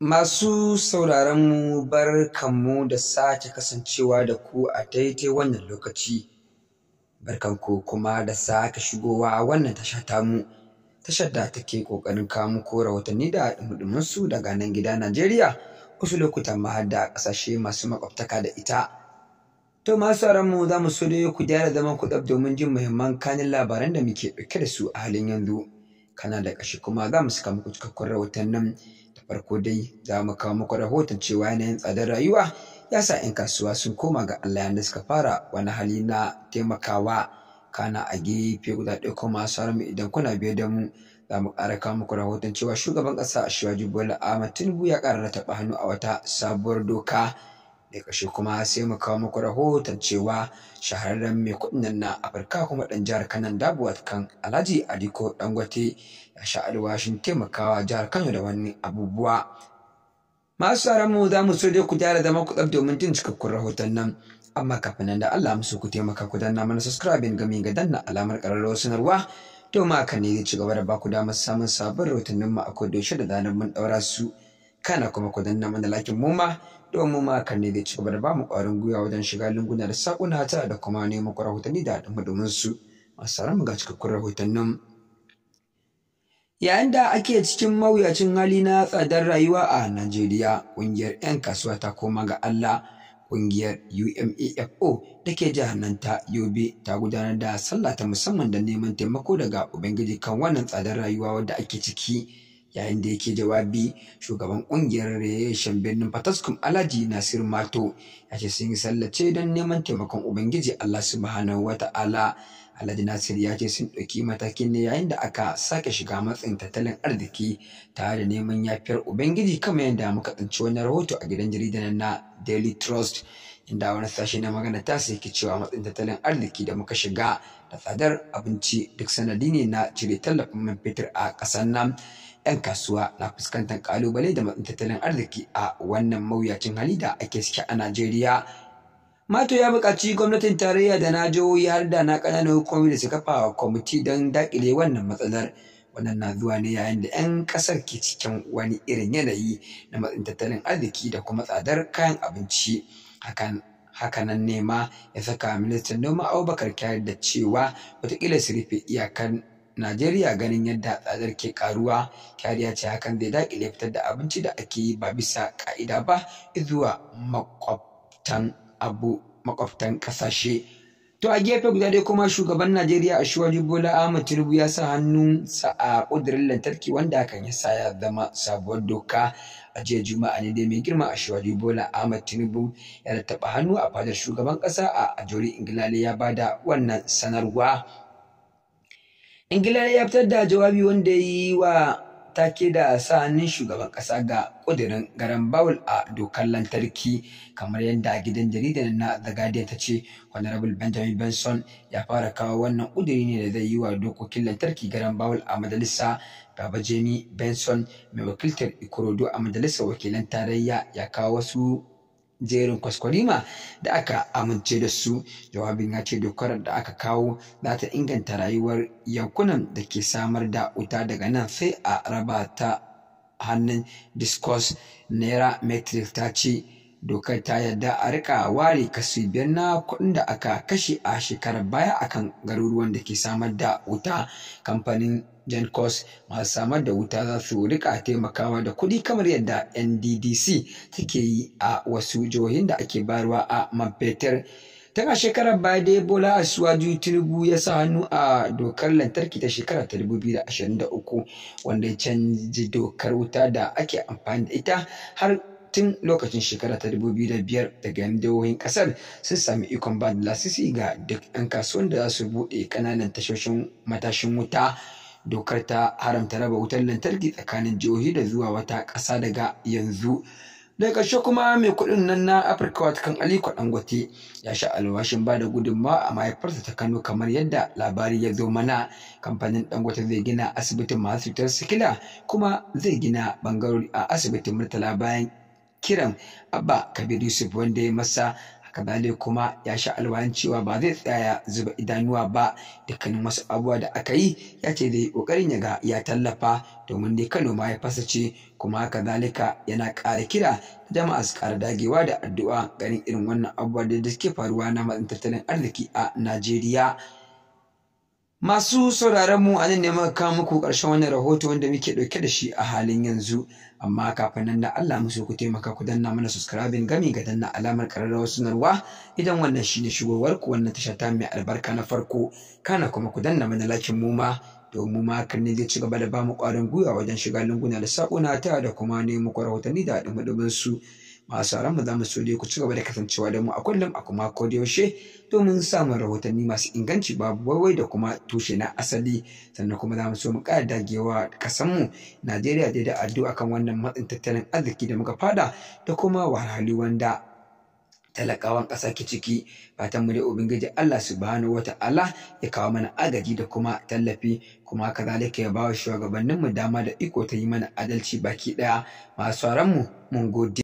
Masu sauraronmu barkanmu da sake kasancewa da ku a daidai wannan lokaci, barkanku kuma da sake shigowa wannan tasha tamu, tashar da take ƙoƙarin kawo muku rahotanni da ɗumuɗuminsu daga nan gida Najeriya, wasu lokutan ma har da ƙasashe masu maƙwabtaka da ita. To masu sauraronmu za mu so dai ku gyara zaman ku ɗab domin jin muhimman kanin labaran da muke ɗauke da su a halin yanzu. Kana da ƙashi kuma za mu saka muku cikakkun rahotannin farko dai za mu kawo muku rahoton cewa yanayin tsadar rayuwa ya sa 'yan kasuwa sun koma ga Allah yadda suka fara wani hali na taimakawa kana a gefe guda ɗaya kuma sauran mu idan kuna biye da mu za mu ƙara kawo muku rahoton cewa shugaban ƙasa Shiwaji Bola Ahmed Tinubu ya ƙara taɓa hannu a wata sabuwar doka da ƙarshe kuma sai mu kawo muku rahoton cewa shahararren mai kuɗin nan na afirka kuma ɗan jihar kanan dabuwat kan alhaji aliko dangote ya sha alwashin taimakawa jihar kano da wani abubuwa masu tsaron mu za mu so dai ku gyara zama ku tsaf domin jin cikakkun rahoton nan amma kafin nan da allah musu ku taimaka ku danna mana subscribing gami ga danna alamar ƙararrawar sanarwa domin haka ne zai ci gaba da ba ku damar samun sabon rahotannin mu a kodayaushe da zanen mun ɗaura su kana kuma ku danna mana lakin mu ma domin ma ne da cewa gaba ba bamu ƙwarin gwiwa wajen shiga lunguna da saƙuna ta da kuma neman ku rahotanni da haɗin domin su masu ga cikakkun rahotannin. Yayin da ake cikin mawuyacin hali na tsadar rayuwa a Najeriya, ƙungiyar 'yan kasuwa ta koma ga Allah, ƙungiyar UMAFO da ke jihar ta Yobe ta gudanar da sallah ta musamman da neman taimako daga Ubangiji kan wannan tsadar rayuwa wadda ake ciki. yayin da yake jawabi shugaban kungiyar reshen birnin fataskum alhaji nasir mato ya ce sun yi sallace don neman taimakon ubangiji allah subhanahu wa ta'ala alhaji nasir ya ce sun ɗauki matakin ne yayin da aka sake shiga matsin tattalin arziki tare da neman yafiyar ubangiji kamar yadda muka tsinci wani rahoto a gidan jaridar na daily trust inda wani sashe na magana ta sai cewa matsin tattalin arziki da muka shiga da tsadar abinci duk sanadi ne na cire tallafin man fetur a ƙasar nan 'yan kasuwa na fuskantar kalubale da matsin tattalin arziki a wannan mawuyacin hali da ake ciki a Najeriya. Mato ya buƙaci gwamnatin tarayya da na jihohi har da na ƙananan hukumomi da su kafa kwamiti don daƙile wannan matsalar. Wannan na zuwa ne yayin da 'yan ƙasar ke cikin wani irin yanayi na matsin tattalin arziki da kuma tsadar kayan abinci. Hakan hakanan ne ya saka ministan noma Abubakar Kyari da cewa wataƙila su rufe iyakan Najeriya ganin yadda tsadar ke karuwa kariya ce hakan zai dakile fitar da abinci da ake yi ba bisa ƙa'ida ba zuwa makwabtan abu makwabtan kasashe. To a gefe guda dai kuma shugaban Najeriya Ashwari Bola Ahmed Tinubu ya sa hannun sa a ƙudurin lantarki wanda hakan ya sa ya zama sabuwar doka a jiya Juma'a ne dai mai girma Ashwari Bola Ahmed Tinubu ya taɓa hannu a fadar shugaban ƙasa a Ajori Ingilale ya bada wannan sanarwa. ingila ya fitar da jawabi wanda ya yi wa take da sanin shugaban ƙasa ga ƙudurin garan bawul a dokar lantarki kamar yadda gidan jaridar na The Guardian ta ce Honorable Benjamin Benson ya fara kawo wannan ƙudiri ne da zai yi wa dokokin lantarki garan bawul a majalisa Baba Jemi Benson mai wakiltar Ikorodu a majalisar wakilan tarayya ya kawo wasu jerin kwaskwarima da aka amince da su jawabin ya ce dokar da aka kawo za ta inganta rayuwar yankunan da ke samar da wuta daga nan sai a raba ta hannun discourse naira metric ta ce dokar ta yarda a rika ware kasu biyar na kuɗin da aka kashe a shekarar baya akan garuruwan da ke samar da wuta kamfanin gencos masu samar da wuta za su rika taimakawa da kuɗi kamar yadda nddc take yi a wasu jihohin da ake barwa a Mampetar. tana shekarar baya dai bola asuwaju tinubu ya sa hannu a dokar lantarki ta shekara ta 2023 wanda ya canji dokar wuta da ake amfani da ita har tun lokacin shekara ta 2005 daga yan jihohin kasar sun sami ikon ba da lasisi ga duk 'yan kasuwan da za su buɗe ƙananan tashoshin matashin wuta dokar ta haramta raba wutar lantarki tsakanin jihohi da zuwa wata ƙasa daga yanzu daga ƙarshe kuma mai kuɗin nan na afirka wata kan aliko dangote ya sha alwashin ba da gudunmawa a mahaifarsa ta kano kamar yadda labari ya zo mana kamfanin dangote zai gina asibitin masu cutar sikila kuma zai gina bangarori a asibitin murtala bayan kiran abba kabir yusuf wanda ya masa kazale kuma ya sha alwayan cewa ba zai tsaya zuba idanuwa ba dukkanin wasu abubuwa da aka yi ya ce zai kokarin ya ga ya tallafa domin dai Kano ma ya fasace kuma kazalika yana ƙara kira jama'a su ƙara dagewa da addu'a ganin irin wannan abubuwa da suke faruwa na matsin tattalin arziki a Najeriya Masu sauraron mu anan ne muka kawo muku ƙarshen wannan rahoto wanda muke ɗauke da shi a halin yanzu amma kafin nan da Allah musu ku taimaka ku danna mana subscribing gami ga danna alamar ƙararrawar sanarwa idan wannan shine shigowar ku wannan tasha ta mai albarka na farko kana kuma ku danna mana lakin mu ma domin ma kan ne zai ci gaba da bamu ƙwarin gwiwa wajen shiga lunguna da saƙuna ta da kuma nemo rahotanni da haɗin su. masu mu za mu so dai ku ci gaba da kasancewa da mu a kullum a kuma ko yaushe domin samun rahotanni masu inganci babu wai da kuma tushe na asali sannan kuma za mu so mu ƙara dagewa ƙasar mu Najeriya dai da addu'a kan wannan matsin tattalin arziki da muka fada da kuma wahalhali wanda talakawan ƙasa ke ciki fatan mu dai ubangiji Allah subhanahu wata'ala ya kawo mana agaji da kuma tallafi kuma kazalika ya bawa shugabannin mu dama da iko ta yi mana adalci baki ɗaya. masu mu mun gode